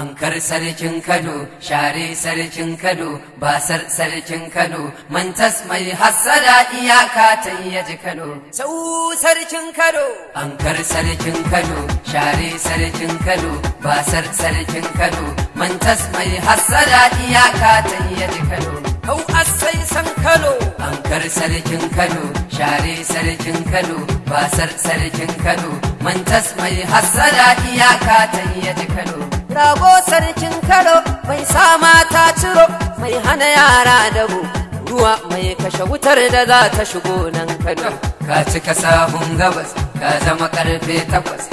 Ankar sarkin Kano, share sarkin Kano, basar sarkin Kano, mantas mai hassada iyaka ta yaji Kano. Sau sarkin Kano. Ankar sarkin Kano, share sarkin Kano, basar sarkin Kano, mantas mai hassada iyaka ta yaji Kano. Kau asai san Kano. Ankar sarkin Kano, share sarkin Kano, basar sarkin Kano, mantas mai hassada iyaka ta yaji Kano. rago sarkin karo mai sama ta ciro mai hana yara dabo ruwa mai kashe wutar da za ta shigo nan kano ka cika sahun gabas ka zama karfe takwas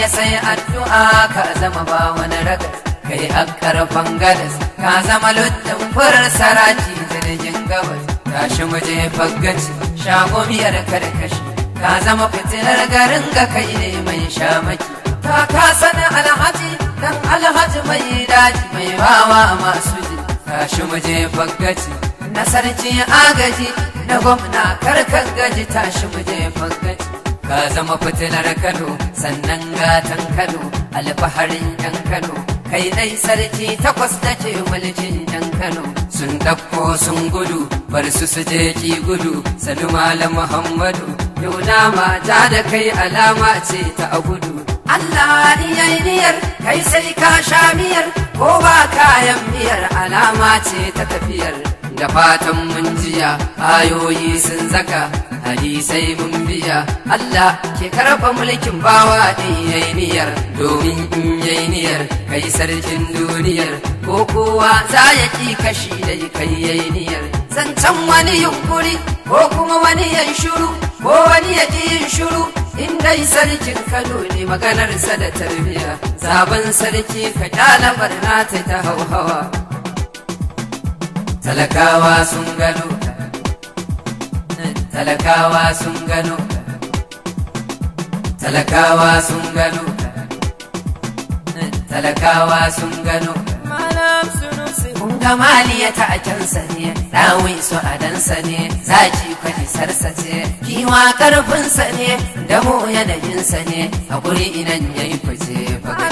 ya sai addu'a ka zama ba wani ragas kai karfan gadas ka zama luddin furar sarati jirgin gabas tashi muje faggaci shago miyar karkashi ka zama fitilar garin ga kai ne mai shamaki ka ka sana alhaji dan alhaji mai daji mai bawa masu ji tashi muje faggaci na sarki agaji na gwamna karkar gaji tashi muje je faggaci ka zama fitilar kano sannan gatan kano alfaharin yan kano kai dai sarki takwas na ce mulkin yan kano sun ɗauko sun gudu bar su su je ki gudu sanu malam muhammadu yau na mata da kai alama ce ta a gudu Allah ya yi niyar. kai sai ka sha miyar ko ba kayan miyar alama ce ta tafiyar da fatan mun jiya ayoyi sun zaka hadisai mun biya Allah ke karfa mulkin bawa din yayi niyar domin in yayi niyar kai sarkin duniyar ko kowa za ya ki kashi dai kai yayi niyar zancen wani yunkuri ko kuma wani yan shuru ko wani ya yin shuru in dai sarkin kano ne maganarsa da tarbiya zaben sarki ka kyala barna ta ta hauhawa talakawa sun gano talakawa sun gano talakawa sun gano talakawa sun gano malam sun Kamali ya ta'akensa ne, ɗawi su adansa ne, zaki sarsa ce, kiwa ƙarfinsa ne, damo yanayinsa ne, a guri idan ya yi fice baya.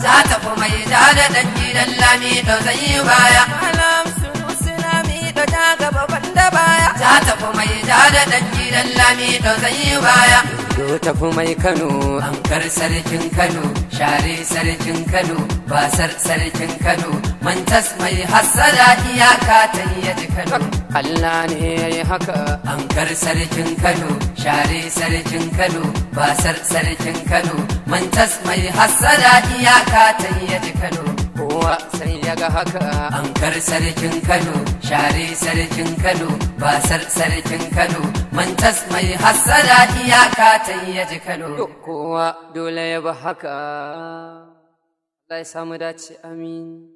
Za ta fi mai da da ɗan gidan lami da zai yi baya. Alam sunu silami da ta gaba banda baya. Za ta fi mai da da ɗan gidan lami da zai yi baya. Ado tafi mai Kano. Ankar sarkin Kano, share sarkin Kano, basar sarkin Kano, mantas mai hassada iyaka ta yaji Kano. Allah ne ya yi haka. Ankar sarkin Kano, share sarkin Kano, basar sarkin Kano, mantas mai hassada iyaka ta yaji Kano. Kowa sai daga haka ankar sarkin kano share sarkin kano basar sarkin kano mantas mai hassada iyaka ta yaji kano kowa dole ya ba haka Allah ya samu dace amin